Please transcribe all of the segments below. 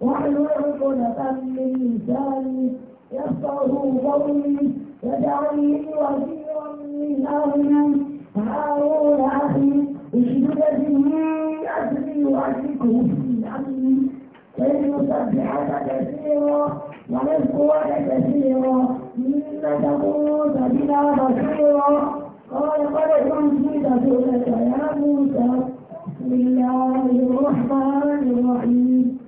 واحلل عقدة من لساني يفقه قولي واجعلني وزيرا من أهلي هارون أخي اشدد به أجري وأشركه في أمري كي نسبحك كثيرا ونذكرك كثيرا إنك كنت بنا بصيرا قال قد أوتيت سؤلك يا موسى بسم الله الرحمن الرحيم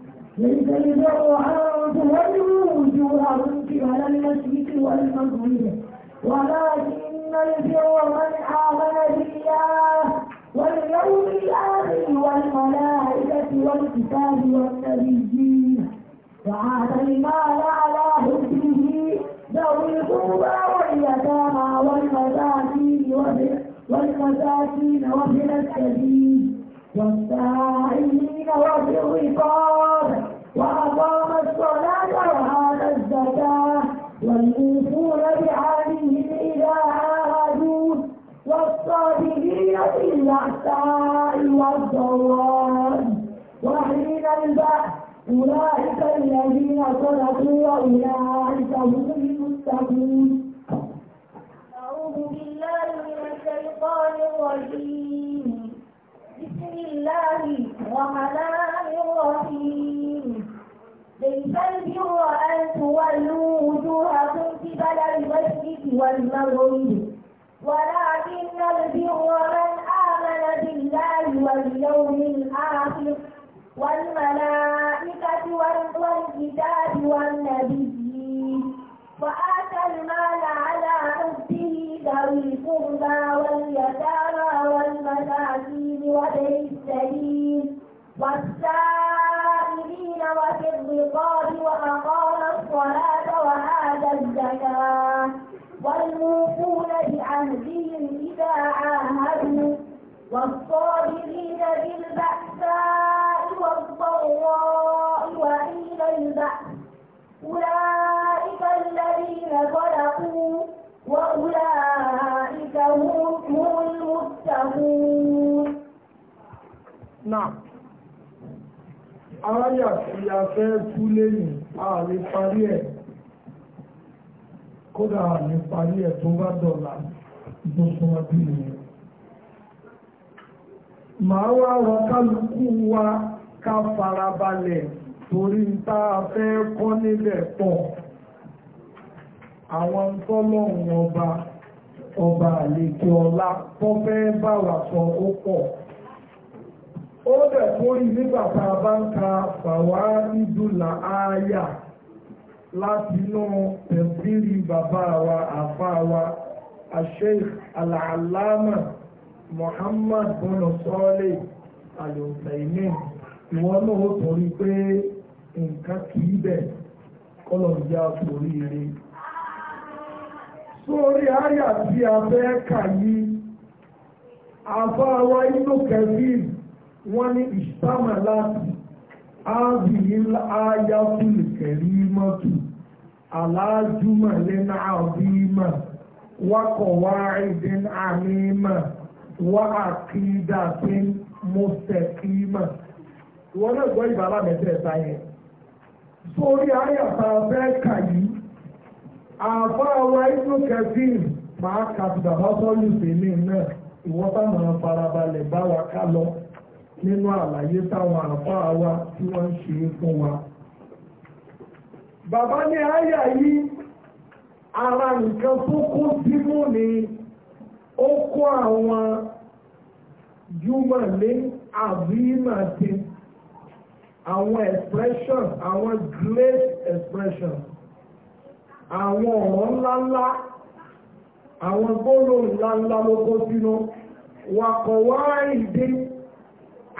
ليس البر أن تولوا وجوهكم قبل المشرق والمغرب ولكن البر من آمن بالله واليوم الآخر والملائكة والكتاب والنبيين وآتى المال على حبه ذوي القربى واليتامى والمساكين والمساكين وابن والسائلين وفي الرقاب وأقام الصلاة وآتى الزكاة والموفون بعهدهم إذا عاهدوا والصابرين في البأساء والضراء وحين البأس أولئك الذين صدقوا وأولئك هم المتقون أعوذ بالله من الشيطان الرجيم بسم الله الرحمن الرحيم ليس البر أن تولوا وجوهكم قبل المسجد والمغرب ولكن البر من آمن بالله واليوم الآخر والملائكة والكتاب والنبيين وآتى المال على حبه ذوي القربى واليتامى والمساكين وابن السبيل والسائل وفي الرقاب وأقام الصلاة وآتى الزكاة والموفون بعهدهم إذا عاهدوا والصابرين بالبأساء والضراء وحين البأس أولئك الذين خلقوا وأولئك هم المتقون نعم ááyà tí a fẹ́ lẹ́yìn a lè parí ẹ̀ kódà a lè parí ẹ̀ tó bá dọ̀la tó súnmọ́jú nìyẹn màá wá rọ kálukú wa ká farabalẹ̀ torí tá a fẹ́ kọ́ nílẹ̀ pọ̀ àwọn tọ́lọ́run ọba ọba àlejò ọlá tó fẹ́ bá wa sọ ó pọ̀ ó dẹ̀ kórì nígbà tá a bá ń ka fàwa ìdúlà ááyà láti inú tẹ̀síìrì bàbá wa àfa wa asheikh alàlámà Muhammad bọ́lá sọ́ọ́lẹ̀ àlùfẹ̀ẹ́nì ìwọ náà ó torí pé nǹkan kì í bẹ̀ kọ́lọ̀ ń já oríire sórí àyà tí a fẹ́ kà wa inú kẹfíìsì wọ́n ní ìsámà láti ábìlá ayáfúlù kẹrí mọ́tò aláàjúmọ̀ lẹ́nà àbímọ̀ wákọ̀wá ìdín àmímọ̀ wá àkídà tí mọ́tẹ̀kímọ̀ wọ́n náà gbọ́ ìbára mẹ́tẹ̀ẹ̀ta yẹn sórí àyàfà bẹ́ẹ̀ yìí àbá wa inú kẹfìn máa kà sí bàbá sí mi náà ìwọ́n bá farabalẹ̀ bá wa ká lọ nínú àlàyé táwọn àfáà wa tí wọ́n ṣe fún wa. Bàbá ní àyà yìí ara nǹkan tó kó sínú ni ó kó àwọn júmọ̀lé àbímàtí àwọn expression àwọn great expression àwọn ọ̀rọ̀ ńláńlá àwọn gbólóhùn ńláńlá ló kó sínú wàkọ̀wá ìdí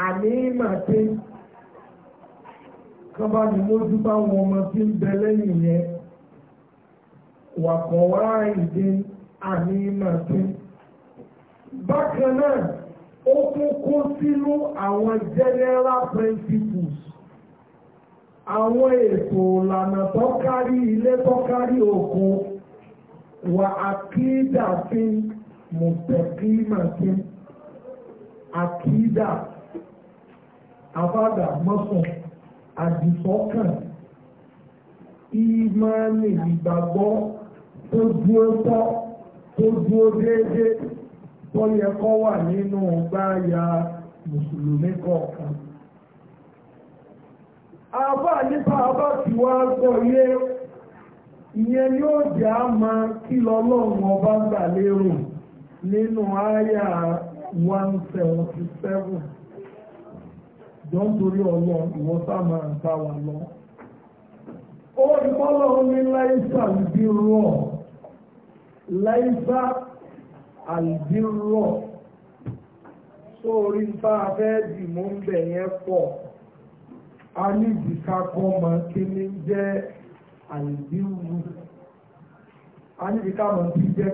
àníìmàdé kọ́bá ni mójú bá wọn ọmọ tí ń bẹ lẹ́yìn yẹn wàkọ̀ wá ìdí àníìmàdé bákan náà ó kún kó sínú àwọn general principles àwọn ètò ìlànà tó kárí ilé tó kárí oko wà àkídà fi mùtẹ̀kímà fi akida afáàdà mọ́sàn àdìsọ́kàn ìmọ̀ọ́nì ìgbàgbọ́ tó dúró tọ́ tó dúró déédéé tó yẹ kọ́ wà nínú gbáyà mùsùlùmí kọ̀ọ̀kan. Àbá nípa àbá tí wá gbọ́ yé ìyẹn yóò jẹ́ á máa kí lọ́lọ́run ọba gbà lérò nínú àyà seven. jọ ń torí ọlọ ìwọ sáàmà lọ. ó ìpọ́lọ̀ ní láìsà ìdí rọ̀ láìsà àìdí rọ̀ sórí bá a yẹn pọ̀ a ní ìdíkà kí ní jẹ́ àìdí rù a ní ìdíkà torí pé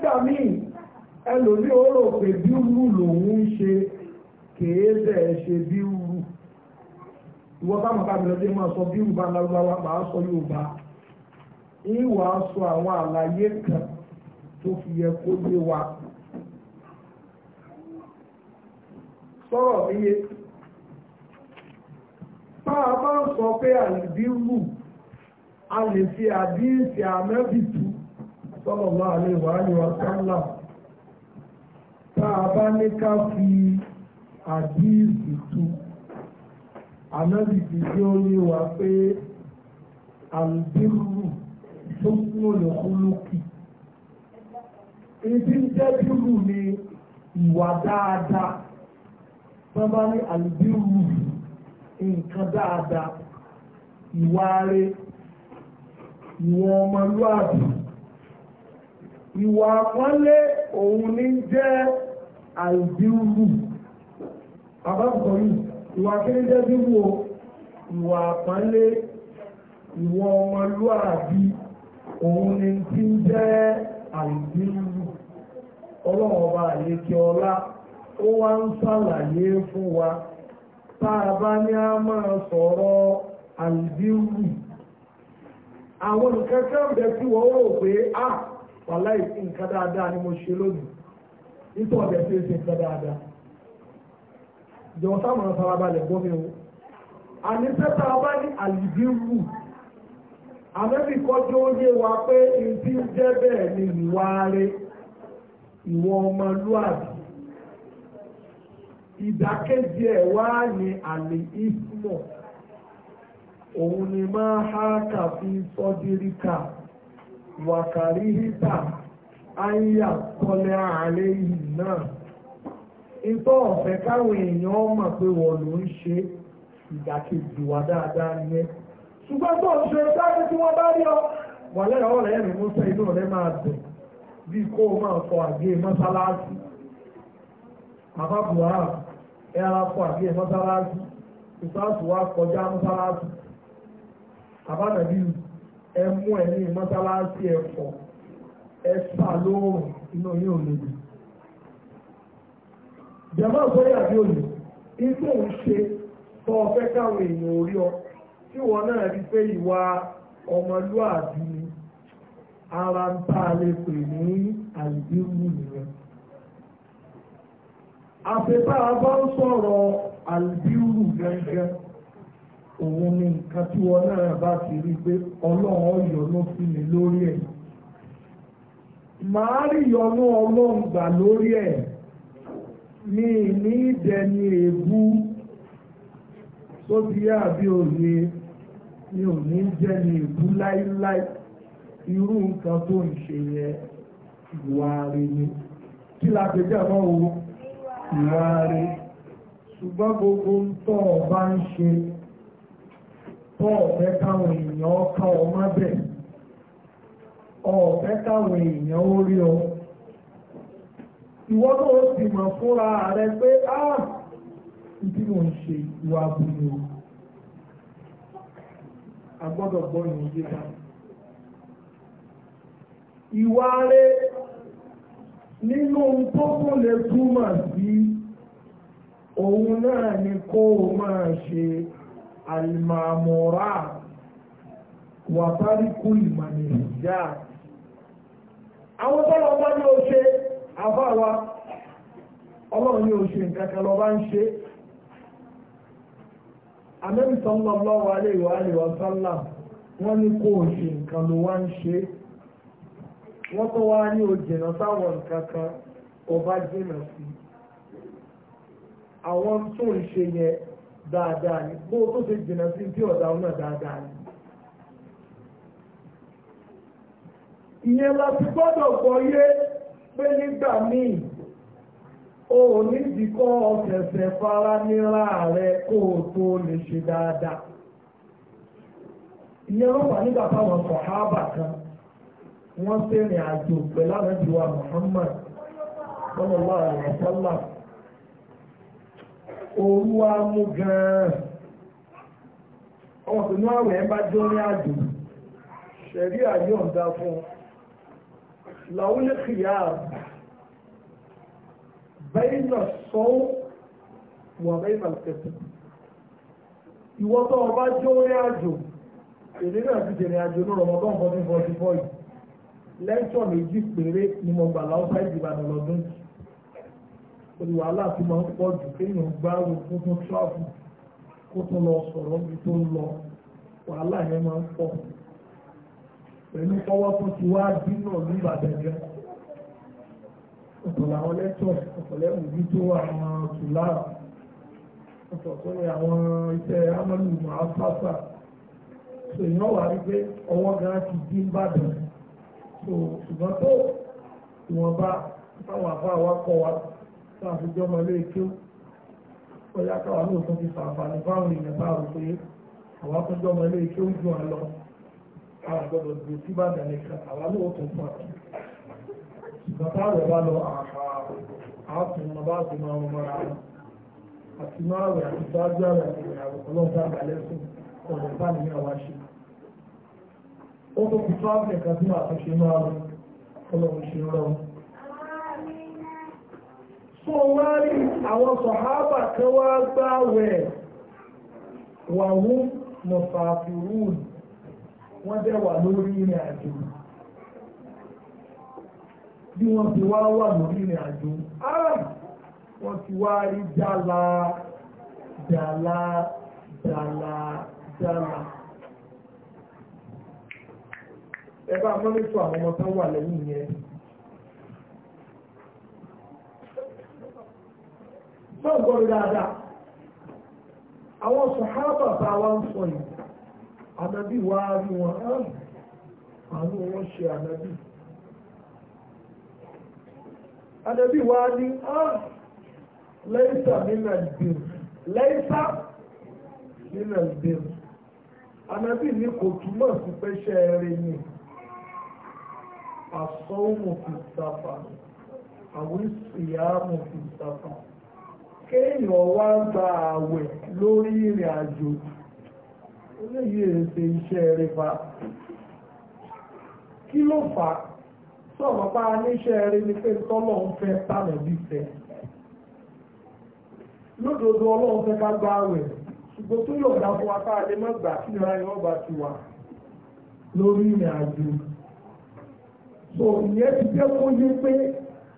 gbà ẹlòmí ó rò pé bírú lòun ń ṣe kèé bẹ́ẹ̀ ṣe bírú ìwọ táwọn bá mi lọ dé máa sọ bírú bá lárúbáwá máa sọ Yorùbá ìwà sọ àwọn àlàyé kan tó fi yẹ kó yé wa sọ̀rọ̀ iye bá a bá ń sọ pé àlìbírú a lè fi àdíyèsí àmẹ́bìtú sọ́lọ́lá àlè wàá ní wa sálàmù bá ní ká fi àdíìsì tu ànábìsì tí ó ní wa pé àlùbírù tó kún olùkúlùkì ibi jẹ́ bírù ni ìwà dáadáa tó bá ní àlùbírù nǹkan dáadáa ìwà rẹ̀ ìwà ọmọlúwàbí ìwà àpọ́nlé òun ní jẹ́ àìbíwù àbábùkọ̀ yìí ìwà kéré jẹ́ bíwò ìwà àpánlé ìwọ ọmọlúàbí òun ni tí ń jẹ́ àìbíwù ọlọ́run ọba ọlá ó wá ń ṣàlàyé fún wa tá a bá ní a máa sọ̀rọ̀ àìbíwù àwọn nǹkan a ah, nǹkan dáadáa nítorí ọ̀dẹ̀ tí ó ṣe nǹkan dáadáa jọ̀wọ́ sáwọn farabalẹ̀ gbọ́ mi o àníṣẹ́ tá a bá ní àlìbírù àmẹ́bí kọjú ó yé wa pé ibi ń jẹ́ bẹ́ẹ̀ ni ìwà rẹ̀ ìwọ ọmọlúàbí ìdákẹ́jì ẹ̀ wá ní àlè ìsmọ̀ òun ni máa hákà fi sọ́díríkà wàkàrí hítà ayà kọlẹ̀ àlẹ́ yìí náà ìtọ́ ọ̀fẹ́ káwọn èèyàn mọ̀ pé wọ́n ló ń ṣe ìdàkejì wà dáadáa yẹn ṣùgbọ́n tó ń ṣe dáadáa tí wọ́n bá rí ọ wà lẹ́yìn ọ̀rọ̀ ẹ̀rìn mú sẹ́ inú rẹ̀ máa dùn bí kó o máa fọ àgbé mọ́sálásí bàbá buhari ẹ ara fọ àgbé mọ́sálásí ìsáàsù wa kọjá mọ́sálásí bàbá nàbí ẹ mú ẹ ní mọ́sálásí ẹ fọ ẹ̀sà lóòrùn inú yín ò lébi. Jàmbá sọ́yà àbí òní, iṣẹ́ òun ṣe tọ́ ọ̀fẹ́ káwọn èèyàn orí ọ, tí wọ́n náà rí pé ìwà ọmọlúàbí ni ara ń tá a lè pè ní àìdíwù nìyẹn. Àfẹ́fà bá ń sọ̀rọ̀ àìdíwù gángan òun ni nǹkan tí wọ́n náà bá ti rí pé ọlọ́run ọ̀yọ́ ló fi mi lórí ẹ̀yìn màá rí ìyọnú ọlọ́run gbà lórí ẹ̀ mi ní ìdẹni èébú tó ti yá àbí òye mi ò ní jẹ́ni èébú láíláí irú nǹkan tó ń ṣe yẹn ìwà rẹ ni kí la pè jẹ́ àwọn òun ìwà ṣùgbọ́n gbogbo ń tọ́ ọ bá ń ṣe tọ́ ọ̀fẹ́ káwọn èèyàn ọkọ̀ ọmọ bẹ́ẹ̀. ọ̀fẹ́ káwọn èèyàn ó rí ọ ìwọ́n náà sì mọ̀ fúnra rẹ pé á bí wọ́n ṣe ìwà àbúrò a gbọ́dọ̀ gbọ́ ìwọ̀n ìwà rẹ nínú tó kó lè túmọ̀ sí òun náà ni kó o máa ṣe àlìmàmọ́ra wàtàrí àwọn tọ́lọ bá ní oṣe àfáàwà ọlọ́run ní oṣe nǹkankan lọ bá ń ṣe amẹ́bí sallallahu alaihi wa alihi wa sallam wọ́n ní kó nǹkan ló wá ń ṣe wọ́n ọba jìnà sí àwọn tó ń ṣe yẹn dáadáa ní bó tó ṣe jìnà sí tí ọ̀dà ọ̀nà dáadáa ìyẹn la ti gbọ́dọ̀ gbọ́yé pé nígbà míì o ò ní ìdíkọ́ ọ̀sẹ̀sẹ̀ fara níra rẹ kó o tó lè ṣe dáadáa ìyẹn ló wà nígbà táwọn sọ̀háàbà kan wọ́n sẹ́rìn àjò pẹ̀lú àrẹ́jùwà Muhammad sallallahu alaihi wasallam òru wa mú gan-an ọmọkùnrin àwẹ̀ ẹ bá jọ ní àjò ṣẹ̀rí àyọ̀ǹda fún un làwọn lè بين bẹ́ẹ̀ وبين sọ́wọ́ wà bẹ́ẹ̀ náà tẹ̀sán ìwọ tó ọba jó orí àjò èdè náà ti jèrè àjò ní rọmọdún fourteen forty four yìí lẹ́ńtọ̀ méjì péré ni mo gbà láwùsá ìdìbàdàn lọ́dún yìí olùwàhálà tí máa ń pọ̀ jù kéèyàn gbá òkú tó tíráfù kó tó lọ sọ̀rọ̀ níbi tó ń lọ wàhálà yẹn máa ń pọ̀ pẹ̀lú ọwọ́ tó ti wá dínà ní ìbàdànjẹ́ ọ̀pọ̀ làwọn lẹ́tọ̀ ọ̀pọ̀lẹ́ òbí tó àwọn tùlára ọ̀pọ̀ tó ní àwọn iṣẹ́ amọ́lù máa fáfà tó èèyàn wà rí pé ọwọ́ gan ti dín bàdàn tó ṣùgbọ́n tó ìwọ̀nba táwọn àbá wa kọ wa tá a fi jọmọ ilé ikú ọ̀yá káwa lóòótọ́ ti fàǹfà ní fáwọn èèyàn bá rò pé àwọn akọ́jọ́mọ ilé ikú ń jù á lọ àgbọ̀dọ̀ gbé sí bàdàn nìkan àwa lóò tó fún àti bàbá rẹ̀ bá lọ àpá àátùn ọmọ bá ti máa wọn mọ́ra wọn àti máa rẹ̀ àti sáájú àrẹ̀ àti ìrìnàwó ọlọ́dà àgbàlẹ́sùn ọ̀rọ̀ ìbáni ní àwa ṣe ó tó fi tráfì ẹ̀ka tí màá tún ṣe máa rẹ̀ ọlọ́run ṣe rọrùn tó wá rí àwọn sọ̀hábà kan wá gbáwẹ̀ wàhún mọ̀fàfìrún wọ́n dẹ̀ wà lórí ìrìn àjò bí wọ́n ti wá wà lórí ìrìn àjò arab wọ́n ti wá rí jàlá jàlá jàlá jàlá ẹ bá mọ́nítò àwọn ọmọ tó wà lẹ́yìn yẹn náà gbọ́dọ̀ dáadáa àwọn sọ̀hábà bá wa ń sọ yìí ànábì wá rí wọn àánú wọn ṣe ànábì ànábì wá ní lẹ́yìnsà nínà ìbẹ̀rù lẹ́yìnsà nínà ìbẹ̀rù ànábì ní kò túmọ̀ sí pé ṣe é rí ni àsọ́wò fi sáfà àwọn ìsìyàmù fi sáfà kéèyàn wá ń gba àwẹ̀ lórí ìrìn àjò yìí eléyìí èrè ṣe iṣẹ́ rẹpa kí ló fà á sọ̀rọ̀ bá a níṣẹ́ rẹ ni pé tọ́lọ̀ ń fẹ́ tànà bí fẹ́ lódodo ọlọ́run fẹ́ ká gba àwẹ̀ ṣùgbọ́n tó yọ̀ọ̀dá fún apá adé kí nira yọ̀ ọba ti wà lórí ìrìn àjò so ìyẹn ti jẹ́ kó yé pé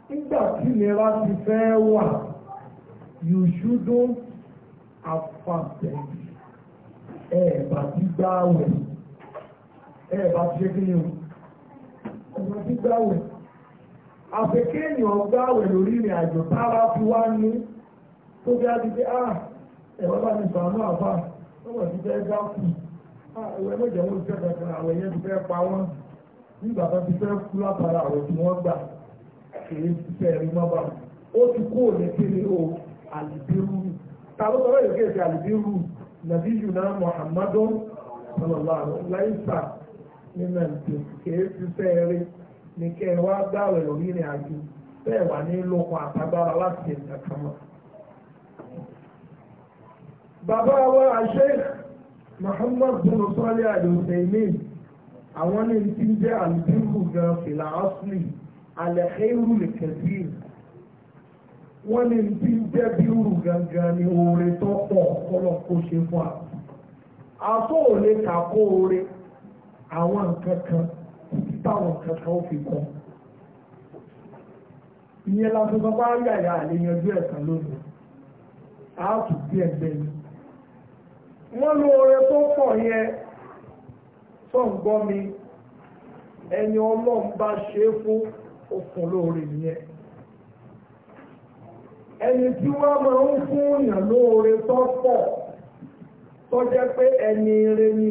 nígbà tí nira ti fẹ́ wà you shouldn't have found them ẹ̀ẹ̀bà ti gbáwẹ̀ ẹ̀ẹ̀bà ti ṣe kí ni o ẹ̀ẹ̀bà ti gbáwẹ̀ àfẹ́kẹ́yìn ọgbáwẹ̀ lórí ìrìn àjò tára fi wá ní tó bí a ti pé ah ẹ̀wọ́ bá ti sọ àánú àbá lọ́wọ́ ti fẹ́ dá kù ẹ̀wọ́ ẹ̀mẹ́jẹ̀ wọn ti fẹ́ kankan àwẹ̀ yẹn ti fẹ́ pa wọ́n nígbà tó ti fẹ́ kú látara àwẹ̀ tí wọ́n gbà kìí fẹ́ rí mọ́ bá ó ti kú òní kí ni o àlìbírú ta ló sọ nàbíyùnà muhammadu sallallahu alaihi wasallam nínú ẹ̀ǹtẹ̀ kìí ti sẹ́ẹ̀rẹ́ ní kẹ́ ẹ wá gbàwẹ̀ lórí ìrìn àjò bẹ́ẹ̀ wà ní lókun àtagbára láti ṣe nǹkan kan mọ́. bàbá wa Sheikh muhammad bin sọ́lé al-Uthaymin àwọn ní ti ń jẹ́ àlùbíkù gan fìlà ọ́sùlì alẹ́ kẹ́rù lè kẹ́sì wọ́n ní bí jẹ́bi uru rù gangan ni oore tó pọ̀ kọ́lọ̀ ṣe fún wa. àtó ò lè oore àwọn nǹkan kan táwọn nǹkan kan ó fi kọ́. ìyẹn la fi sọ pé á ẹ̀sán lónìí tù bí oore tó pọ̀ yẹn tó ń gbọ́ mi ẹni ọlọ́run ẹni tí wọ́n máa ń fún èèyàn lóore tọ́pọ̀ tó jẹ́ pé ẹni ire ni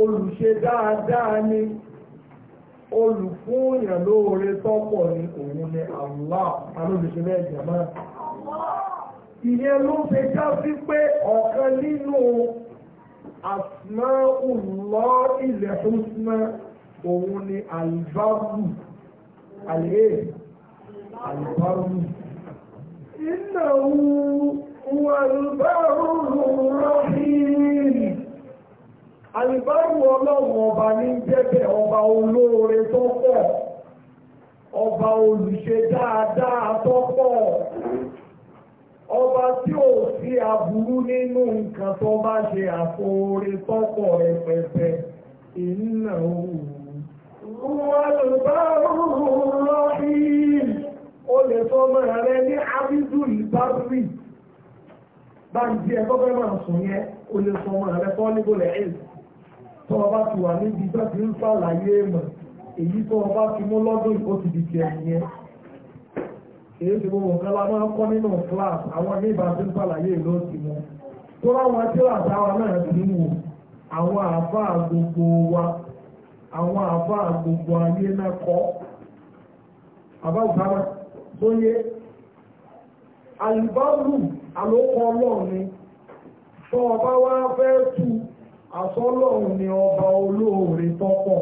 olùṣe dáadáa ni olùfún èèyàn lóore tọ́pọ̀ ni òun ni Allah alóòṣe bẹ́ẹ̀ jẹ̀mọ́ ìyẹn ló ṣe já sí pé ọ̀kan nínú asmaullah ilẹ̀ husna òun ni alibaru alẹ́ alibaru. إنه هو البر الرحيم Àlìbáwò ọlọ́run ọba ní jẹ́bẹ̀ ọba olóore tó pọ̀, ọba olùṣe dáadáa tó pọ̀, ọba tí ò sí aburú nínú nǹkan tó bá ṣe àfoore tó pọ̀ rẹpẹtẹ, ìnà òun. Wọ́n lè bá rúrú rọ́ọ̀hìn, ó lè sọ mọ́ rẹ ní àbí rí báńkì ẹ máa sùn yẹn o lè sọ ọmọ rẹ tọ́ níbo tó ọba ti wà níbi tó ti ń ṣàlàyé mọ̀ èyí tó ọba ti mú lọ́dún ó ti di tiẹ̀ èyí ti gbogbo nǹkan la máa ń kọ́ nínú class àwọn ní ń ìlú òsì tó ti ń àlùbárù àlòkọ ọlọ́run ni tó ọba wá fẹ́ tu àsọlọ́run ni ọba olóore tọ́pọ̀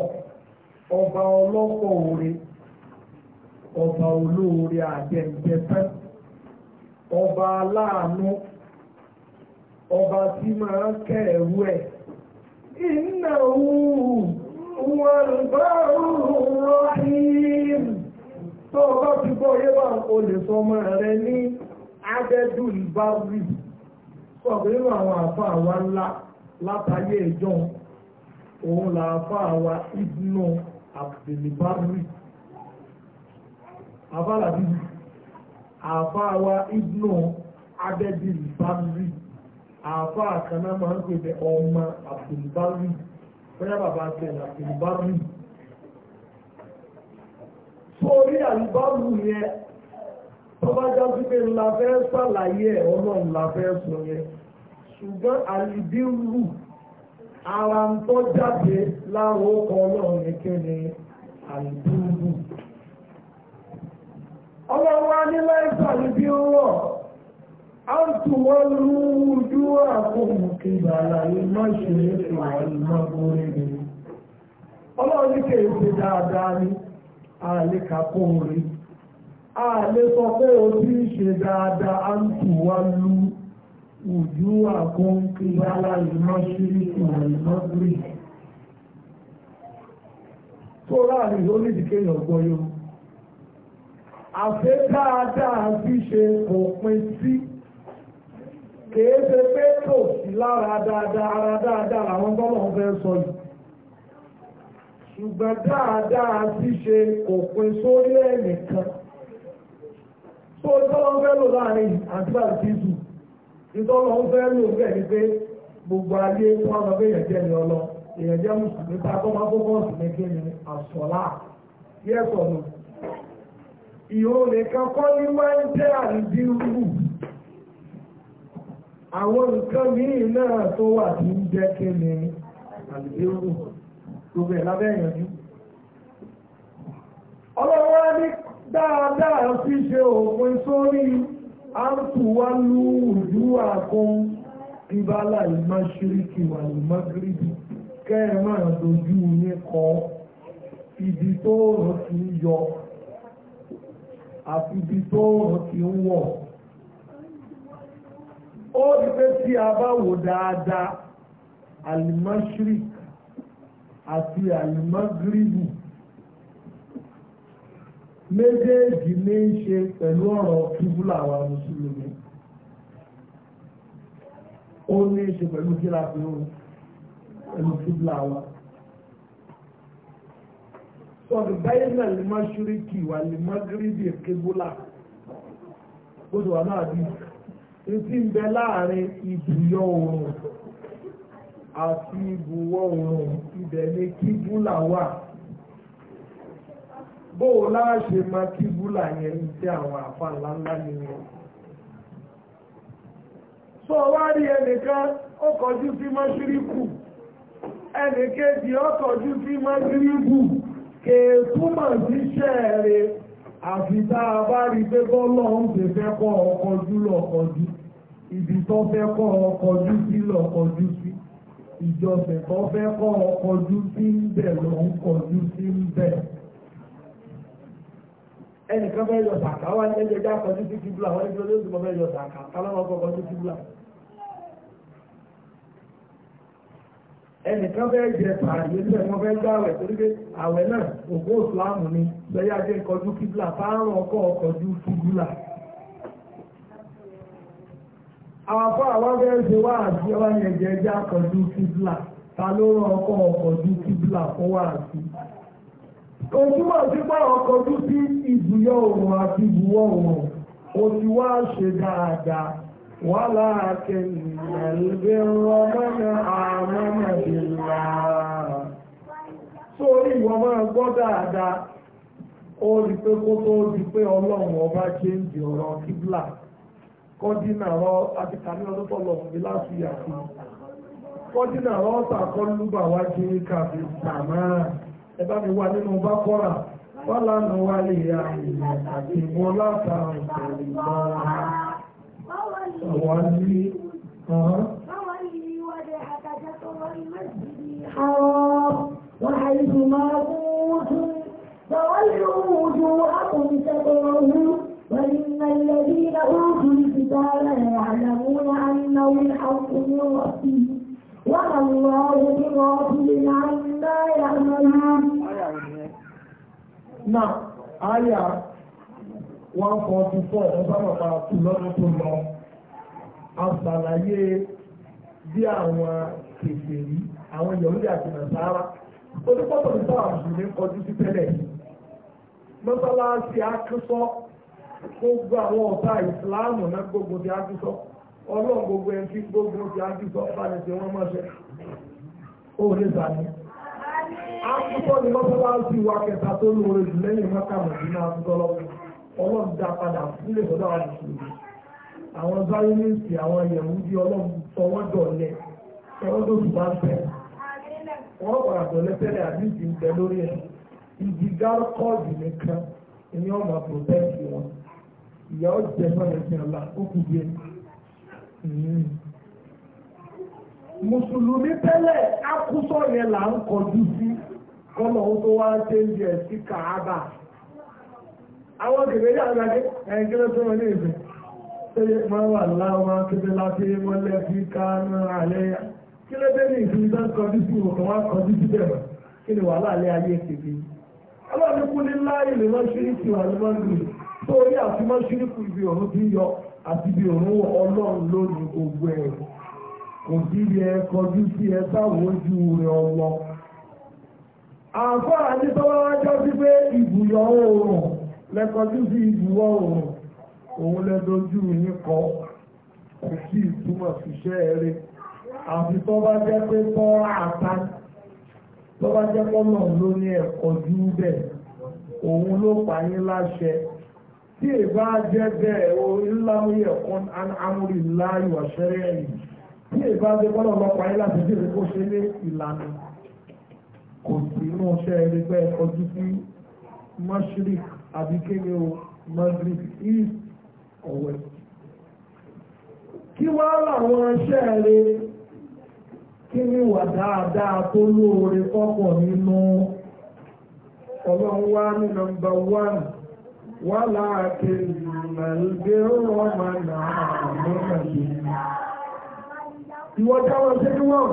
ọba ọlọ́pọ̀ òre ọba olóore àjẹjẹpẹ́ ọba aláàánú ọba tí máa ẹ̀ wọn bá tó ọba ti gbọ́ yé bá o lè adẹ́dù ìbáwí sọ̀rọ̀ nínú àwọn àfa àwa ńlá látàyè ìjọ òun là àfa àwa ibnu abdulbari àbálàbí àfa àwa ibnu adẹ́dù ìbáwí àfa àkànná máa ń pè ní ọmọ abdulbari bóyá bàbá àti ẹ̀ abdulbari sórí àlùbáwù yẹn. tó bá já sí pé ńlá fẹ́ sàlàyé ẹ̀ fẹ́ yẹn ṣùgbọ́n àlìdírù ara ń tọ́ jáde láàrọ̀ ọkọ̀ ọlọ́run ní kéde àlìdírù ọlọ́run wa ní láìsí àlìdírù ọ̀ àtùwọ́lú àkóhùn ọlọ́run ní dáadáa a lè sọ pé o ti ń ṣe dáadáa á ń tù wá lú ojú ṣíríkì tó láàrin ló ní ìdíkéyàn gbọ́yọ́ àfẹ́ dáadáa ti ṣe òpin sí kìí ṣe pé tò sí lára dáadáa ara dáadáa àwọn tó ìtọ́lọ́ fẹ́ lò láàrin àdúrà jésù ìtọ́lọ́ fẹ́ gbogbo ayé wọn lọ bẹ́ẹ̀ yẹn ni ọlọ èèyàn mùsùlùmí tá a máa fọ́kọ́ sí ní kí ni yẹ sọ̀nù ìhò nìkan kọ́ ní máa ń jẹ́ àwọn nǹkan náà tó dáadáa fi ṣe òpin sórí àǹtùwálú ìlú àkún ìbálà ìmáṣíríkì wà ní magrebi kẹ́ẹ̀mà dojú ní kọ ibi tó rọ̀ ti ń yọ àti ibi tó rọ̀ ti ń wọ̀ ó rí pé tí a bá wò dáadáa alimashirik àti alimagrebi méjèèjì ní í ṣe pẹ̀lú ọ̀rọ̀ kíbúlà wa mùsùlùmí ó ní í ṣe pẹ̀lú kíra pẹ̀lú kíbúlà wa sọ̀rọ̀ báyìí náà lè má ṣúríkì wà lè má gírídì kíbúlà gbọ́dọ̀ wà náà bí etí ń bẹ láàrin ibùyọ oòrùn àti ibùwọ̀ oòrùn ibẹ̀ ní kíbúlà wà bó o láàṣe máa kí búlà yẹn ní tí àwọn àfa ńláńlá ni wọn. sọ wá rí ẹnìkan ó kọjú sí mọ́ṣíríkù ẹnìkejì ó kọjú sí mọ́ṣíríkù kèétúmọ̀ sí ṣẹ́ẹ̀rẹ́ àfi tá a bá rí pé bọ́lọ̀ ń ṣe fẹ́ kọ́ ọkọjú lọ́kọjú ibi tó fẹ́ kọ́ ọkọjú sí lọ́kọjú sí ìjọsìn tó fẹ́ kọ́ ọkọjú sí ń bẹ̀ ló ń sí ń bẹ̀ ẹnìkan fẹ́ yọ sàkà wà ní ẹjọ́ jákọ̀ ní sí kíbla wọ́n ẹjọ́ ló sì mọ́ fẹ́ yọ sàkà kálọ́mọ́ kọ́kọ́ ní kíbla ẹnìkan fẹ́ jẹ pààyè ní ẹ̀mọ́ fẹ́ gbá àwẹ̀ torí pé àwẹ̀ náà òkú òsùlámù ni lẹ́yà jẹ́ kọjú kíbla fáwọn ọkọ̀ ọkọ̀jú kíbla àwọn àwọn fẹ́ ṣe wá àti ọwọ́ ẹ̀jẹ̀ jákọ̀ ní kíbla ta ló rán ọkọ̀ ọkọ̀jú kíbla fún wá àti ojúmọ̀ sípò ọkọ ojú sí ìbùyọ̀ òun àti ìbùwọ̀ òun o ti wá ṣe dáadáa wà láàkẹ́ ìrẹ̀lẹ́gbẹ́ rọmọ́nà àmọ́nà ìlà sórí ìwọ máa dáadáa ó rí pé kó tó rí pé ọlọ́run ọba ṣe ń ọ̀rọ̀ kọ́dínà rọ àti ọdún tó lọ láti yàtọ̀ kọ́dínà rọ lúbà ẹ̀bá mi wà nínú bá kọ́ra wọ́lá nù wá lè ra ìrìnà àti ìwọ látàrí ìtẹ̀lẹ̀ ìgbọ́ra ọ̀wá ní ọ̀hán. وحيث ما كنتم فولوا وجوهكم شطره وإن الذين أوتوا الكتاب يعلمون أنه الحق من ربهم وما الله بغافل عما na lọ́lá. 144 ẹ̀dọ́gbà bàbá kù lọ́dún tó lọ. A bí àwọn kèfè àwọn Yorùbá àti Nàìjíríà. Onípọ̀tò ní kọjú sí tẹ́lẹ̀. Mọ́sálásí gbogbo àwọn ọ̀tá Ìsìláàmù náà gbogbo ti gbogbo ẹni tí gbogbo akúkọ́ ni mọ́sálásí wa kẹta tó lóore jù lẹ́yìn mọ́ta mọ̀jìnà àtúntọ́lọ́ ọlọ́dà padà sílé sọ́dọ̀ àwọn ìṣòro àwọn zionist àwọn yẹ̀wù bí ọlọ́run tọwọ́ dọ̀lẹ́ ẹ̀rọ tó tù bá ń bẹ̀ wọ́n padà dọ̀lẹ́ tẹ́lẹ̀ àdìsí ń bẹ lórí ẹ̀ ìdí gárkọ́ọ̀dù nìkan ni wọ́n máa protect wọn ìyá ó jẹ sọ́dọ̀ sí ọ̀la ó kù díẹ̀ hmm. mùsùlùmí tẹ́lẹ̀ akúsọ̀ yẹn là ń kọjú sí kọ́mọ̀ ohun tó wá ṣe ń jẹ sí kàábà àwọn kèfè ní àgbàdé ẹ̀yìn kí tó wọn ní ìfẹ́ tẹ́lẹ̀ máa wà láwọn kébé láti mọ́lẹ̀ fi kánú àlẹ́yà kí ló dé ní ìfìyí tó ń kọjú sí òkàn wá kọjú sí bẹ̀rẹ̀ kí ni wàhálà alẹ́ ayé kèfè ọlọ́run kú ní láì lè lọ ṣíríkì wà ní mọ́ndì tó rí àti mọ́ ṣíríkì ibi òun ti yọ àti ibi òun ọlọ́run lónìí gbogbo ẹ̀ kò sí ẹ kọjú sí ẹ sáwọn ojú rẹ ọlọ́run àǹfààní àdìsọ́wọ́ wájọ́ sí pé ìbùyọ̀ oòrùn lẹ́kọjú sí ìbùwọ̀ oòrùn òun lẹ́dọ́jú yín kọ kò sí ìtumọ̀ ṣiṣẹ́ eré àfi tó bá jẹ́ pé tọ́ àta tó bá jẹ́ pọ́nà ló ní ẹ̀kọ́ jú bẹ́ẹ̀ òun ló pa yín láṣẹ tí ìbá jẹ́ bẹ́ẹ̀ oríláwíyẹ̀ kan amúrí láyọ̀ ṣẹ́rẹ́ yìí tí ìbá jẹ́ pọ́nà lọ́pàá yín láti dé ìlànà kò sí inú ọṣẹ́ ẹgbẹ́ ọdú sí mashrik àbíkéde o madrid east or west. kí wá làwọn ọṣẹ́ rẹ kí ni wà dáadáa tó lóore fọ́pọ̀ nínú ọlọ́run ní nọ́mbà one wà láàkè màlúgbé rọ́mà náà àmọ́nà yìí. ìwọ táwọn ṣe kí wọ́n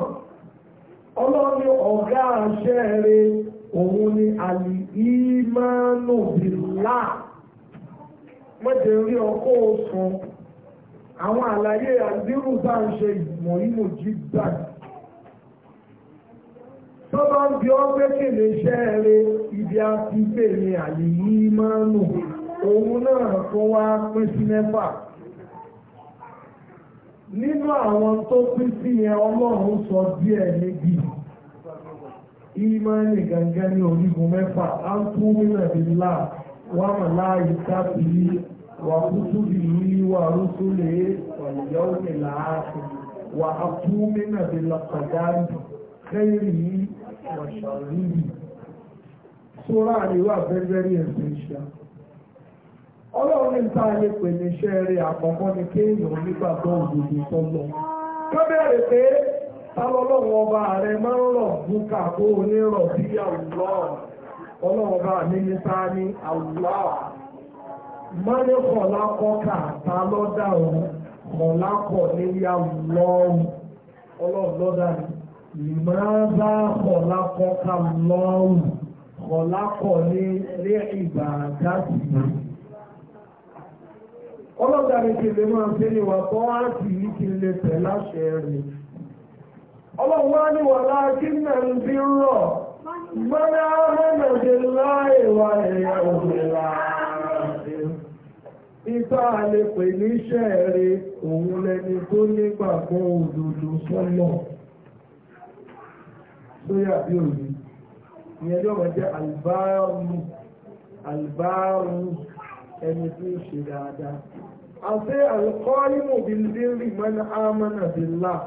ọlọ́run ọ̀gá iṣẹ́ rẹ̀ òun ni àlì ìmánù bìlá mọ́jẹ̀ rí ọkọ̀ òsùn àwọn àlàyé àdírù bá ń ṣe ìmọ̀ ìmọ̀ jígbà tó bá ń bí ọ kí lè ṣẹ́ rẹ̀ ibi a ti pè ní àlì ìmánù òun náà tó wá pín sí mẹ́fà nínú àwọn tó pín sí yẹn ọlọ́run sọ díẹ̀ méjì ìmánì gangan ní orígun mẹ́fà á ń kú nínà ìlà wà mà láàyè káàkiri wà kútù ìlú wà rúsùlẹ̀ ọ̀yọ́ ìlà wà á kú nínà ìlà kọ̀dáàrí kẹ́rì wàṣàrí sóra àríwá very essential ọlọ́run ní ta lè pè ní iṣẹ́ rẹ̀ àkọ́kọ́ ni kéèyàn nígbàgbọ́ òdòdó tọ́lọ tálọ́lọ́wọ́ ọba rẹ̀ máa ń rọ̀ búkà bó onírọ̀ bí àwùlọ́ ọlọ́ọba mi ní sáání àwùlọ́ mọ́nìkọ̀ lákọ́kà ta lọ́dà ọ̀hún kọ̀lákọ̀ ní yàwùlọ́ ọlọ́ọ̀lọ́dà ìmọ̀ọ́dá kọ̀lákọ́kà lọ́rùn kọ̀lákọ̀ ní rí ìbàdá sí i ọlọ́dà mi máa ń wà bọ́ àti rẹ̀. ọlọ́run wá ní wà láti náà bí rọ̀ mọ́nà mọ́nà ṣe láì wà ẹ̀yà òmìnira ìta lè pè ní ṣẹ́ẹ̀rẹ́ òun lẹni tó nígbàgbọ́ òdodo sọ́nà sóyà bí òní ìyẹn lọ́wọ́ jẹ́ àlùbáàrù ẹni tí ń ṣe dáadáa àti mọ́nà láà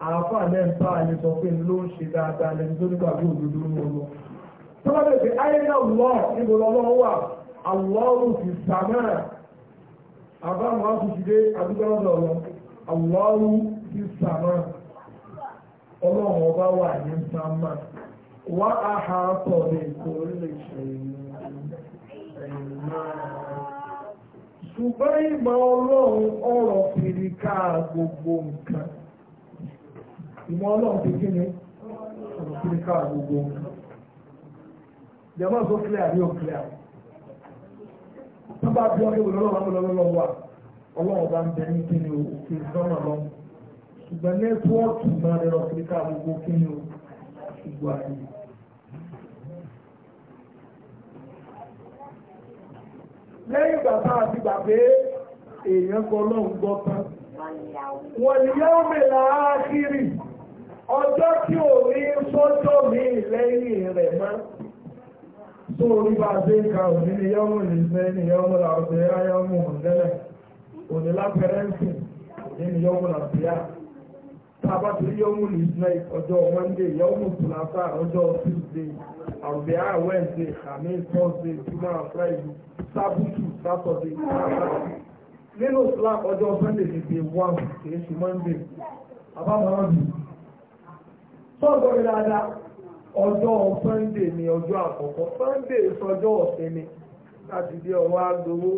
àáfà lẹ́ǹpá àyè sọ pé ló ń ṣe dáadáa lẹ́nu tó ụmụ. bí òdodo ń lọ. tó bá bèbè ayé náà lọ lọ́wọ́ wà fi sàmà àbá àwọn aṣòṣìṣẹ́ àdúgbò ọ̀rọ̀ àwọ̀rù fi sàmà ọlọ́run ọba wà ní sàmà wà á ha ní lè ṣe ẹ̀yìn ṣùgbọ́n ọlọ́run gbogbo nǹkan ìmọ̀ ọlọ́run ti kí ni ọ̀rọ̀ kí ni ká gbogbo ìjọba tó clear ní ò clear tó bá bí ọdún ìwòlọ́wọ́ lọ́wọ́lọ́wọ́ wà ọlọ́run bá ń bẹ ní kí ni o kì í sọ́nà lọ ṣùgbọ́n nẹ́tíwọ́ọ̀kì máa rẹ̀ ọ̀kì ká gbogbo kí ni o gbogbo àyè. lẹ́yìn ìgbà tá a ti gbà pé èèyàn gbọ́ ọlọ́run gbọ́ tán wọ̀nyí yóò mẹ́ra ákírì ọjọ́ tí ò ní sọ́jọ́ mi lẹ́yìn rẹ̀ mọ́ tó orí bá ṣe ń ka òní ni yọ́mù ní ṣe ní yọ́mù làbẹ́ ayọ́mù òǹdẹ́lẹ̀ òní lápẹ́rẹ́ǹsì òní ni yọ́mù làbẹ́ à tábà tí yọ́mù ní ṣe ọjọ́ Monday yọ́mù tùlásà ọjọ́ Tuesday àbẹ́ à Wednesday àmì Thursday Jumaa Friday sábùtù Saturday Saturday nínú Islam ọjọ́ Sunday ti di one kì í ṣe Monday àbámọ́ ọdún. sọ́dọ̀ mi dáadáa ọjọ́ sunday ni ọjọ́ àkọ́kọ́ sunday sọjọ́ ọ̀sẹ̀ ni láti dé ọwọ́ agbowó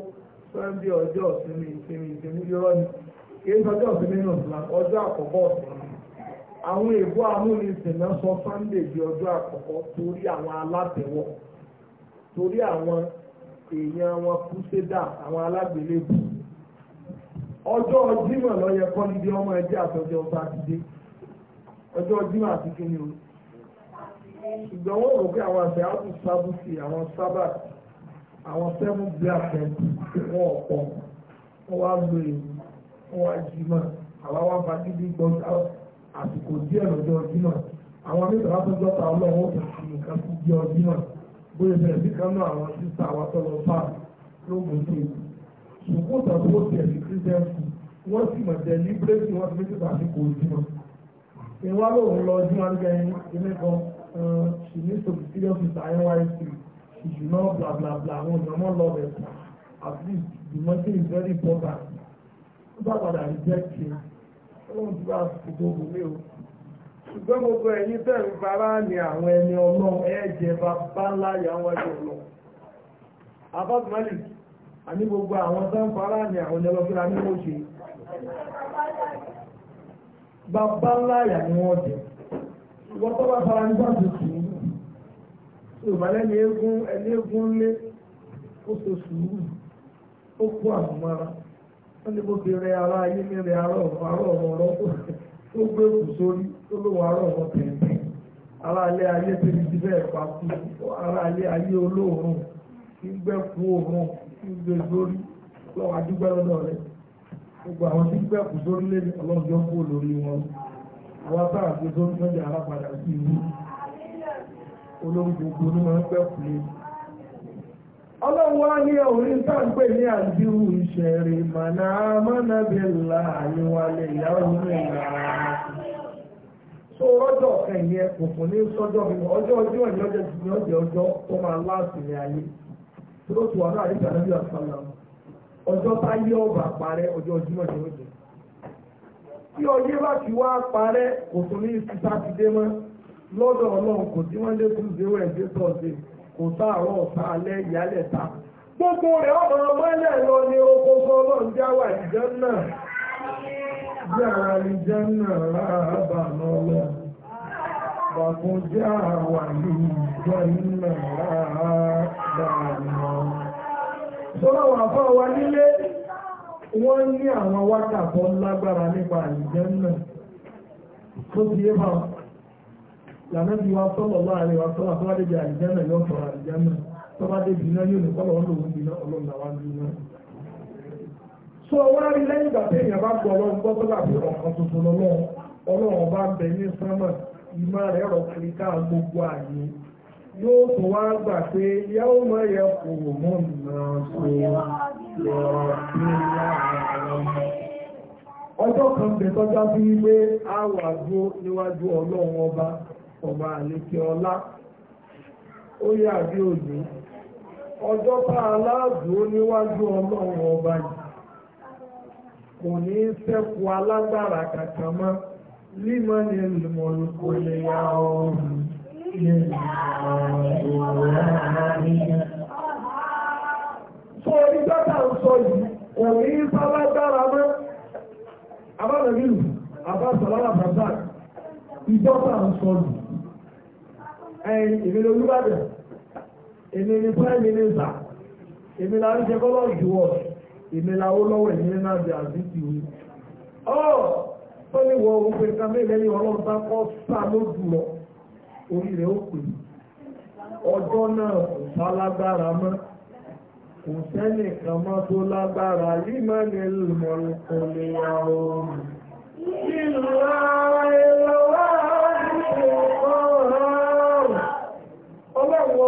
sunday ọjọ́ ọ̀sẹ̀ ni ìsinmi ìsinmi yọrọ ni sọjọ́ ọ̀sẹ̀ ọjọ́ àkọ́kọ́ ọ̀sẹ̀ ni àwọn amúnisìn náà sọ di ọjọ́ àkọ́kọ́ torí àwọn alátẹ̀wọ̀ torí àwọn èèyàn wọn kúṣẹ́dà àwọn ọjọ́ yẹ kọ́ni bí ọmọ ọjọ́ Jímọ̀ àti kíni o ṣùgbọ́n wọ́n rò pé àwọn àṣẹ àwọn sábùsì àwọn sábà àwọn sẹ́mú bí àṣẹ wọn ọ̀pọ̀ wọn wá lo èyí wọn wá Jímọ̀ àwa wá bá dídí gbọ́ àsìkò díẹ̀ lọ́jọ́ Jímọ̀ àwọn mẹ́ta wá tó jọ́ta ọlọ́run ó fi nǹkan sí jẹ́ Jímọ̀ bóyá bẹ̀rẹ̀ sí kan náà àwọn sísá wa tọ́lọ́ bá lóògùn tó ṣùgbọ́n tàbí ó ti ẹ̀sìn kírísẹ́ńtì wọ́n sì mọ̀ deliberate wọ́n ti fi ìwá lòun lọ ọdún arúgbó ẹni ilé kan eh, she needs to be serious with her nysc she should not bla bla bla àwọn ọ̀nà more lọ rẹ̀ at least the money is very important ó bá padà reject him ọlọ́run ti bá gbogbo ògùn mi o ṣùgbọ́n gbogbo ẹ̀yin tẹ̀ ń fara ní àwọn ẹni ọlọ́run ẹ̀jẹ̀ bàbá ńlá yà wọ́n jù lọ abọ́t malik àní gbogbo àwọn tẹ̀ ń fara ní àwọn ẹni ọlọ́run kí bàbá láyà ni wọ́n jẹ ìwọ́n tó bá fara nígbà tó sùúrù yorùbá lẹ́ni eégún ẹni eégún lé ó so sùúrù ó kó àmúmára wọ́n ní bó ti rẹ ara ayé ní rẹ arọ arọ ọmọ ọlọ́pọ̀ tó gbé kù sórí tó lówó arọ ọmọ tẹ̀lé ara alẹ́ ayé tẹ̀lé ti bẹ́ẹ̀ pa kú ara alẹ́ ayé olóòórùn ń gbẹ́ kú òórùn ń gbé sórí lọ́wọ́ adúgbẹ́ lọ́dọ̀ rẹ̀. gbogbo àwọn tí gbẹ̀kù sórí lé ọlọ́jọ́ kó lórí wọn àwọn sáà gbé tó ń tọ́jà alápadà sí ìlú olórí gbogbo ní máa ń gbẹ̀kù lé ọlọ́run wá ní orí sáàpẹ̀ ní àdíwù ìṣẹ̀rì màná mọ́nàbílà àyíwálé ìyàwó ní sọ́jọ́ ọjọ́ tá yé ọba parẹ́ ọjọ́ ojúmọ̀ ni ó jẹ́ tí ọyé bá ti wá parẹ́ kò tún ní ti sátidé mọ́ lọ́dọ̀ ọlọ́run kò tí wọ́n lé tún ẹ̀ dé tọ́sí kò alẹ́ ìyálẹ̀ ta gbogbo rẹ̀ ọmọlẹ̀ lọ sọ́rọ̀ àwọn àfọ́ wa nílé wọ́n ní àwọn wákàtọ́ lágbára nípa àìjẹ́ náà tó ti yé bá lànàbí wa sọ́lọ̀ láàrin wa sọ́lọ̀ àfọ́ àdéjì àìjẹ́ náà yóò sọ̀rọ̀ àìjẹ́ náà tó bá débi náà yóò nìkọ́ lọ́wọ́ lòun bí náà ọlọ́run àwọn bí náà. sọ wá rí lẹ́yìn ìgbà tí èèyàn bá gbọ́ ọlọ́run gbọ́ tó láti ọ̀kan tuntun lọ́wọ́ ọlọ́run bá ń bẹ ní sánmà ìmọ̀ rẹ̀ rọ̀ kiri ká gbogbo àyè yóò wá gbà pé yàwó mọ́ yẹ kò mọ́ náà tó lọ́rọ̀ tí ọjọ́ kan bẹ̀ tọ́já sí wípé a wà dúró níwájú ọlọ́run ọba ọba àlékè ọlá ó yà bí òní ọjọ́ tá a níwájú ọlọ́run ọba yìí kò ní sẹ́kù alágbára ni lè Sọ ìjọba ń sọ yìí, òní sábà dára mọ́. Abáàlẹ́bí, àbáṣàlára bàbá, ìjọba ń sọ yìí. Ẹyin ìrìnlẹ̀ Olúbàdàn, èmi ni Prime Minister, èmi la ríṣẹ́ kọ́lọ̀ ìjùwọ̀, èmi la ó lọ́wọ́ ìyẹn náà di àdìsí wí. kọ́ sá lójú lọ. orí rẹ̀ ó pè ọjọ́ náà kò sálágbára mọ́ kò sẹ́nì kan mọ́ tó lágbára límọ́ ní ìmọ̀lùkùn lè yà oòrùn ọba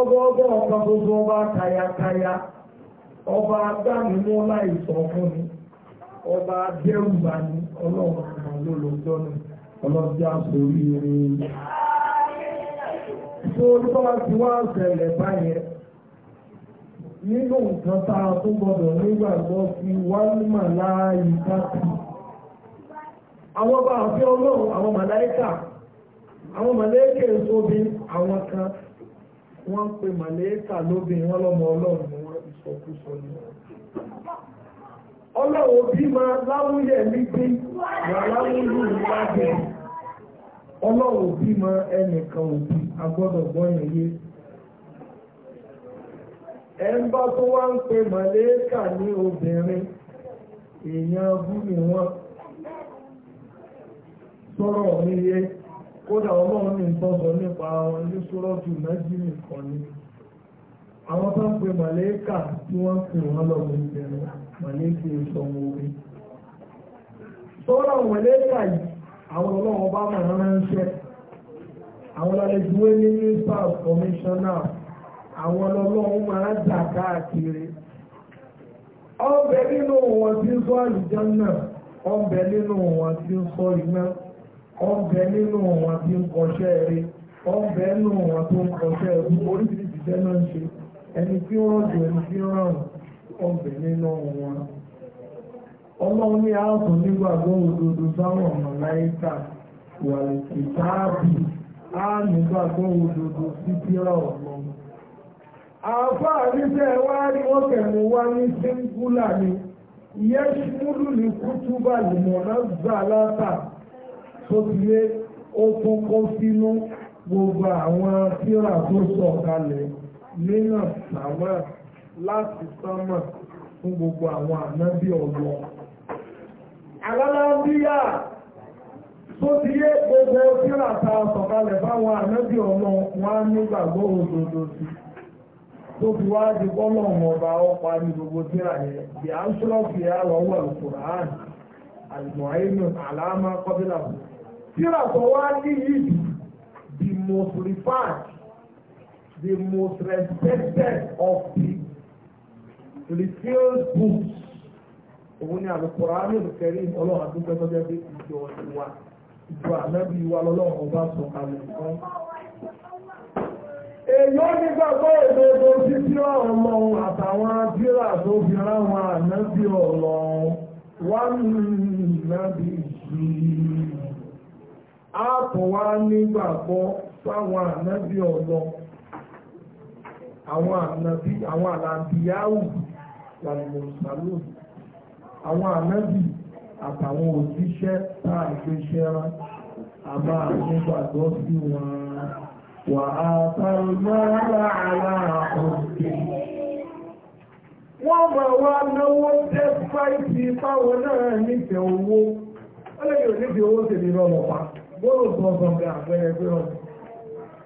ọba ọba gbogbo ọba kayakaya ọba ni ọlọ́run tó bá ti wá ṣẹlẹ̀ báyẹn nínú nǹkan tá a tó gbọdọ̀ nígbàgbọ́ sí wálùmà láàyè káàkiri àwọn bá àfi ọlọ́run àwọn màláíkà àwọn màláíkà èsóbi àwọn kan wọ́n ń pe màláíkà lóbi wọ́n lọ́mọ ọlọ́run ni wọ́n ìsọkúsọ ni ọlọ́run bí máa láwúyẹ̀ nígbé wà láwúyẹ̀ nígbàgbẹ́ ọlọ́run ma ẹnìkan òbí agbọ́dọ̀ gbọ́yàn yé bá tó wá ń pe màlẹ́kà ní obìnrin èèyàn bú wọn wọ́n mi yé kódà ọlọ́run ní nípa àwọn ní sọ́rọ́jù kan ni àwọn tó ń pe tí wọ́n ń pè wọ́n lọ́wọ́ obìnrin orí yìí àwọn ọlọ́wọ́n bá mọ̀ ọ́n ránṣẹ́ àwọn ọlọ́lẹ́dúwé ní ministers commissioner àwọn ọlọ́wọ́n máa jà káàkiri ọbẹ̀ nínú wọn tí ń sọ àlùjànnà ọbẹ̀ nínú wọn tí ń sọ iná ọbẹ̀ nínú wọn tí ń kọṣẹ́ rí ọbẹ̀ nínú wọn tó ń kọṣẹ́ rí oríṣiríṣi iṣẹ́ náà ń ṣe ẹni tí wọ́n jù ẹni tí wọ́n rọrùn ọbẹ̀ nínú wọn ọlọ́run ní ààtùn nígbàgbọ́ òdodo sáwọn ọ̀nà láìka wà lè kì táàbì á nígbàgbọ́ òdodo sí tíra ọ̀nà àfá àríṣẹ́ wá rí wọ́n kẹ̀mú wá ní síngúlà ni yẹ́ṣmúlù ní kútúbà lùmọ̀nà zàlátà tó ti lé ó tún kó sínú gbogbo àwọn tíra tó sọ̀ kalẹ̀ nínà sàmà láti sánmà fún gbogbo àwọn ànábì ọ̀gbọ̀n alálábíyà tó ti yé gbogbo kíláta sọ̀kalẹ̀ fáwọn ànábì ọ̀nà wọn á nígbàgbọ́ òdodo sí tó fi wá di bọ́lọ̀ ọ̀mọ̀ba ọ̀pá ní gbogbo kíra yẹn bí a ń sọ́rọ̀ fi á lọ́wọ́ alukur'an alimọ̀ẹ́nu àlámà kọ́bílà kíra tó wá ní yìí the most referred the most respected of the revealed books. òun ni àlùkùránì ìrùkẹ́rí ọlọ́run àdúgbò tó jẹ́ pé ìjọ ìwà ìjọ ànábì ìwà lọ́lọ́run ọba sọ kalẹ̀ kan. èyí ó ní gbàgbọ́ òdodo títí ọlọ́run àtàwọn tíra tó fi ráwọn ànábì ọlọ́run wá nàbì a wá ní fáwọn ọlọ́run àwọn àwọn ànábì àtàwọn òjíṣẹ́ tá a gbé ṣẹ́ rán àbá àgbégbàgbọ́ sí wọn wà á tàbí mọ́ra àlá òkè. wọ́n mọ̀ wá náwó jẹ́ fáìtì fáwọn náà nífẹ̀ẹ́ owó ó lè yóò níbi owó tèmi lọ́wọ́ pa gbọ́dọ̀ tó ọgbọ̀n bẹ àpẹẹrẹ pé ọ̀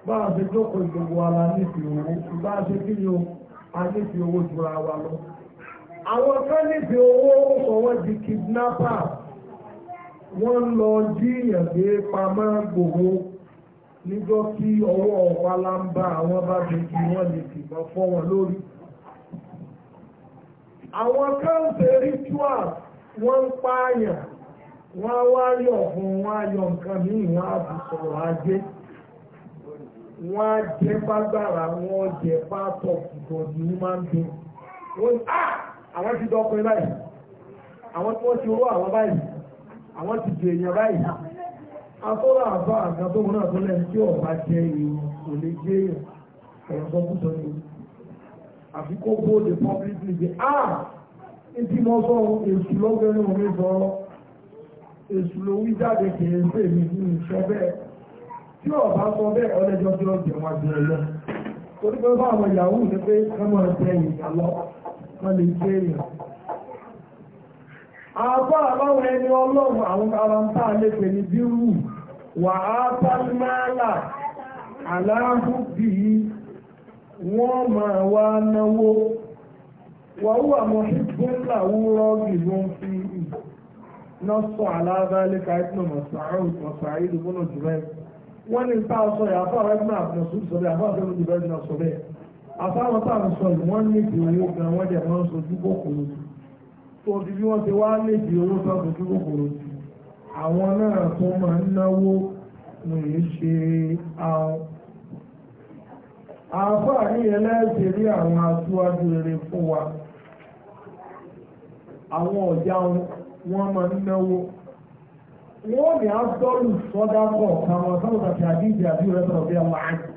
bá a ṣe jókòó ìgbogbo ara nífẹ̀ẹ́ owó bá a ṣe kí ni o a nífẹ̀ẹ́ owó jura wa lọ àwọn kan níbi owó ó sọ wọ́n di kidnapper wọ́n lọ jíyàn gbé pamọ́ gbogbo níjọ́ tí ọwọ́ ọ̀pá lámbà àwọn bá ti fi wọ́n lè fìbọn fọ́ wọn lórí àwọn kan ṣe ritual wọ́n ń pààyàn wọ́n wá yọ̀ fún wọn ayọ̀ nǹkan míì wọ́n á sọ̀rọ̀ ajé wọ́n jẹ́ bágbára wọ́n jẹ́ bá tọ̀ kùtọ̀ ní human being wọ́n ah àwọn ti dọ́kùnrin báyìí àwọn tí wọ́n ti owó àwọn báyìí àwọn ti jẹ èèyàn báyìí afọ́lá àbá àgbà tó wọn náà tó lẹ́nu tí ọ̀bá jẹ èèyàn kò lè jẹ èèyàn ọ̀rọ̀ sọ fún sọ́ni àfi kó bóde publicly pé a ah! ti mọ sọ èṣù lọ́gbẹ́nu mi sọ èṣù ló wí jáde kì í ṣe mi ní ìṣọ́ bẹ́ẹ̀ tí ọ̀bá sọ bẹ́ẹ̀ ọlẹ́jọ́ tí ó jẹ̀wọ́n àti ẹ̀yọ́ torí pé báwọn yahoo ní pé kẹ́mọ̀ ẹ̀ wọ́n lè jẹ́ èèyàn àbá àbáwọn ẹni ọlọ́run àwọn aráńtà lè pè ní bírù wà á pálímàlà aláhùbì wọ́n máa wá náwó wàhúwà mọ̀ṣíkúnlà wúrọ́ gìlú ń fi nọ́sọ̀ aláàbálẹ́ka ìpínlẹ̀ mọ̀sáàrùn-ún ìdúgbònà jùlọ wọ́n ní ìta ọ̀sọ̀ yà àbá àtàwọn tá à ń sọ yìí wọ́n léde owó gan wọ́n dẹ̀ máa ń sojú kòkòrò sí tó ti bí wọ́n ti wá léde owó tó sojú kòkòrò sí àwọn náà tó máa ń náwó wòye ṣe àwọn. àáfàá ní ẹlẹ́sẹ̀ rí àwọn aṣíwájú rere fún wa àwọn ọ̀já wọn máa ń náwó wọ́n ní àtọ́lù sọ́dá pọ̀ káwọn sọ́dọ̀ tàbí àdíjì àbí rẹ̀ sọ̀rọ̀ bí àwọn àjẹ́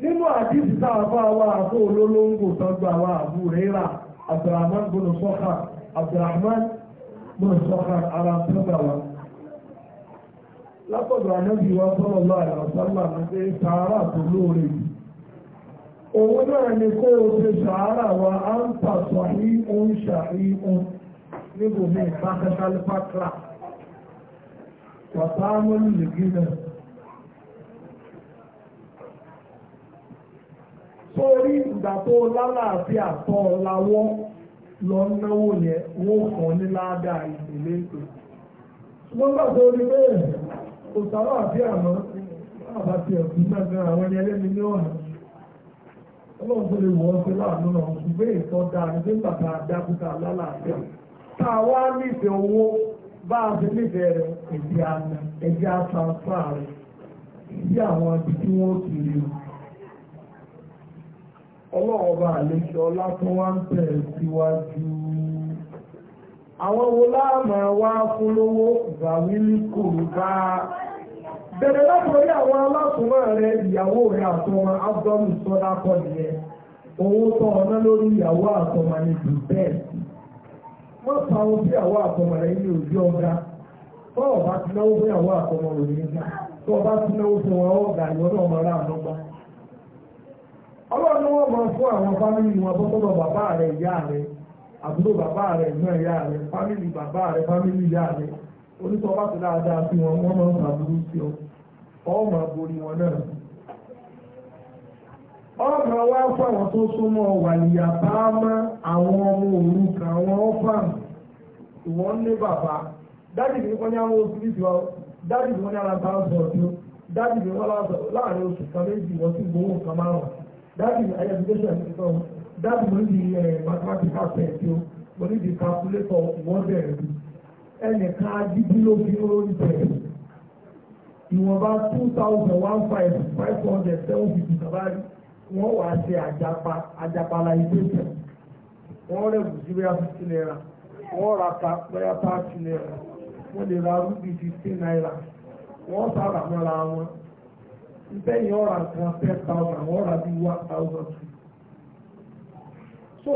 nínú àdìsí táàbá wa àbó olólóńgò tọ́gbà wa àbú rírà abdulrahman bùnú sọ́kà abdulrahman bùnú sọ́kà ara tọ́gbà wa látọ̀dọ̀ anábì wa sọ́rọ̀ lọ àyàwọ̀sọ́lá àti sàárà tó lóore yìí òun náà ni kó o ṣe sàárà wa á ń pàṣọ ìhun ṣàìhun níbòmí ìpákẹ́kálípákà wàtá mọ́lù lè gí ìgbà tó lálàáfíà tọ́ ọ láwọ́ lọ náwó yẹn wọ́n kàn ní ládàá ìdílé ètò wọ́n gbà tó rí pé kò sára àti àmọ́ àbàtì ẹ̀kú náà gan àwọn ẹni ẹlẹ́ni ní ọ̀nà ọlọ́run tó lè wọ́ ọ́ láàánú náà ṣùgbọ́n ìtọ́ dáa ní pé bàbá àdákùtà lálàáfíà tá a wá nífẹ̀ẹ́ owó bá a fi nífẹ̀ẹ́ rẹ̀ ẹ̀jẹ̀ àná ẹ̀jẹ̀ àtàǹfà rẹ̀ sí àwọn ibi tí wọ́n kiri o ọlọ́ọ̀bá àlejò ọlá tó wá ń bẹ̀ síwájú àwọn wo láàmà wá fún lówó gàwílì kò bá bẹ̀rẹ̀ látọ̀rí àwọn alásùnmọ́ rẹ ìyàwó rẹ àtọmọ abdulmi sọdá kọ nìyẹn owó tọ ọ̀nà lórí ìyàwó àtọmọ ni jù bẹ́ẹ̀ sí wọ́n pa ohun tí ìyàwó àtọmọ rẹ ní òbí ọ̀gá tọ́ọ̀ bá ti náwó fún ìyàwó àtọmọ rẹ nígbà tọ́ọ̀ bá ti náwó fún wọn ọ̀gá ìwọ náà mọ̀ ọ́ ọlọ́run ni wọ́n máa fún àwọn fámìlì wọn bọ́tọ́lọ̀ bàbá rẹ̀ ìyá rẹ̀ àbúrò bàbá rẹ̀ ìgbọ́n ìyá rẹ̀ fámìlì bàbá rẹ̀ fámìlì ìyá rẹ̀ onítọ̀ bá ti dáadáa sí wọn wọ́n máa ń sàbúrú sí ọ ọmọ borí wọn náà ọmọ wa fún àwọn tó súnmọ́ wàlìyà bá mọ́ àwọn ọmọ òrukàn àwọn ọ́fàn ìwọ́n ní bàbá dájú kìí kọ́ ní àwọn oṣù dájú kìí wọ́n ní ara oṣù kan méjì wọ́n sì gbowó nǹkan márùn-ún that is higher education from that no be mathematical sense o but if the calculator wọ́n bẹ̀rẹ̀ bi ẹnìkan adídúlógún lórí was about two thousand one five five hundred seven fifty kabari wọ́n wàá ṣe àjàpá àjàpálá ilé ìtẹ̀ wọ́n rẹ̀ kù sí bóyá fifty naira wọ́n ra ta bóyá thirty naira wọ́n lè ra rúbì fifteen naira wọ́n sábà mọ́ra wọn ìbẹ́yìn ọ̀rà kan ten thousand àwọn 1000, bíi one thousand two. so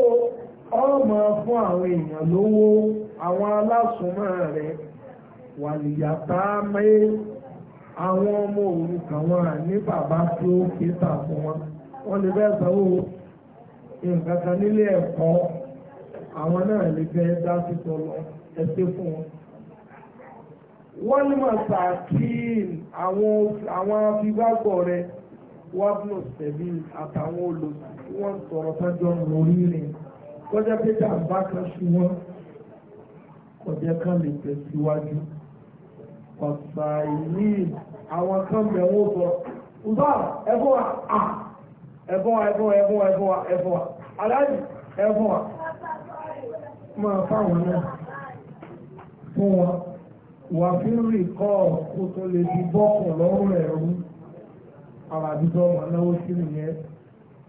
ọmọ fún àwọn èèyàn lówó àwọn alásùnmọ́ rẹ̀ wà níyàtá mẹ́ àwọn ọmọ òrukàn wọn ní bàbá tí ó kéta fún wọn wọ́n lè bẹ́ẹ̀ sanwó nǹkan kan nílé ẹ̀kọ́ àwọn náà lè fẹ́ dá sí tọ́lọ ẹsẹ̀ fún wọn wọ́n ní masakin àwọn afigbágbọ̀ rẹ wábùnù sẹ̀mí àtàwọn olùsí tí wọ́n ń sọ̀rọ̀ sájọ́ lórí rẹ̀ kọjá pé jàǹbá kan ṣu wọn kọjá kan lè tẹ̀síwájú ọ̀sà ìní àwọn kan bẹ̀ wọ́n sọ ǹbà ẹ̀fọ́ wa ẹ̀fọ́ wa ẹ̀fọ́ wa ẹ̀fọ́ wa ẹ̀fọ́ wa ẹ̀fọ́ wa aláàjì ẹ̀fọ́ wa máa fáwọn náà fún wọn wà fi ń rìn kọ́ kó tó lè fi bọ́kọ̀ lọ́rùn ẹ̀rú ara àdúgbò ọmọ náwó sí nìyẹn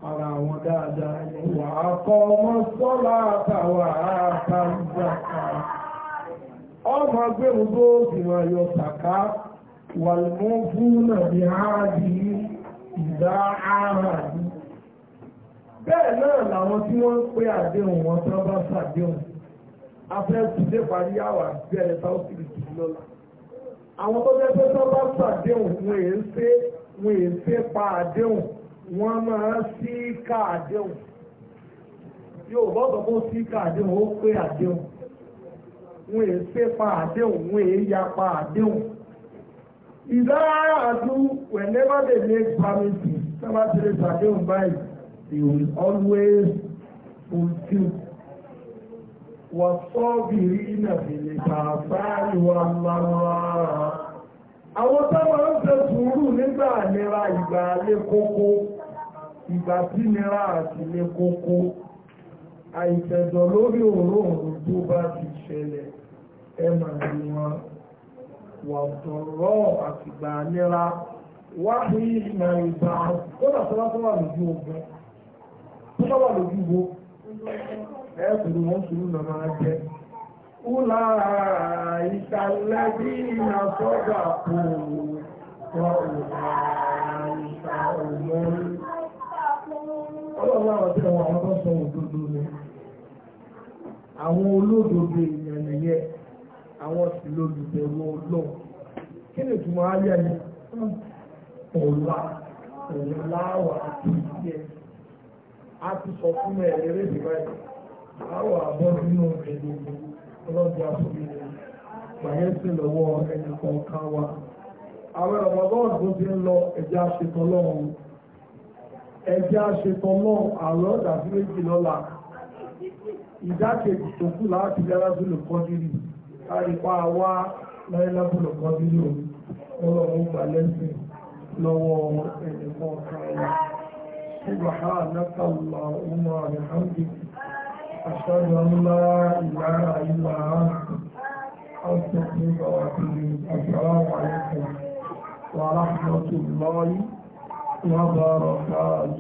ara àwọn dáadáa wà á kọ́ ọmọ sọ́lá àtàwà àtàǹdàkà ọmọ agbẹ́rù tó sì yọ sàká wà mú fún nàbí áàdì ìdá áàdì bẹ́ẹ̀ náà làwọn tí wọ́n ń pé àdéhùn wọn tó bá ṣàdéhùn afẹ́sùdé parí àwà bí ẹni táwọn sì ti lọ́la àwọn tó fẹ́ pé tó bá ṣàdéhùn wọn èé ṣe wọn èé ṣe pa àdéhùn wọn máa sí ká àdéhùn yóò bọ́dọ̀ mọ́ sí ká àdéhùn ó pé àdéhùn wọn èé ṣe pa àdéhùn wọn èé ya pa àdéhùn ìdára àdú whenever they make promises sábà ti lè ṣàdéhùn báyìí they will always fulfill. والصابرين في البأساء والضراء àwọn tó máa ń ṣe sùúrù nígbà nira ìgbà lé kókó ìgbà tí nira àti lé kókó àìtẹ̀dọ̀ lórí òróòrùn tó bá ti ṣẹlẹ̀ ẹ máa ní wọn wà tọ̀rọ̀ àtìgbà nira wá ní ìgbà ìgbà tó dà tó bá tó wà lójú ogun tó bá ẹ̀kùn wọn sùn lọ máa jẹ́ Ula ìṣàlẹ́bí ìyàsọ́gbà kùn wọ́n ìlà ìṣà òmòrí. Ọlọ́run àwọn tí wọ́n àwọn tó sọ òdodo ni. Àwọn olódodo èèyàn nìyẹ, àwọn sì lólùbẹ̀rù ọlọ́run. Kí ni ìtumọ̀ ayé yìí? Ọ̀la, ọ̀la wà á ti jẹ. A ti sọ fún ẹ̀rẹ́ rẹ̀ báyìí àwọ̀ àbọ̀ nínú ẹgbogbo ọlọ́dún àfúnilẹ̀ gbàyẹ́ sí lọ́wọ́ ẹni kọ̀ọ̀kan wa àwọn ọmọdọ́ọ̀dù tó ti ń lọ ẹjẹ́ àṣetọ́ lọ́wọ́ ẹjẹ́ àṣetọ́ náà àrọ́ ọ̀dàbí méjì lọ́la ìdákejì tó kù láti yára tó lè kọjú rí kárípa wá láyélá tó lè kọjú rí ọlọ́run gbà lẹ́sìn lọ́wọ́ ẹni kọ̀ọ̀kan wa. سبحانك اللهم وبحمدك أشهد أن لا إله إلا أنت أستغفرك وأتوب السلام عليكم ورحمة الله وبركاته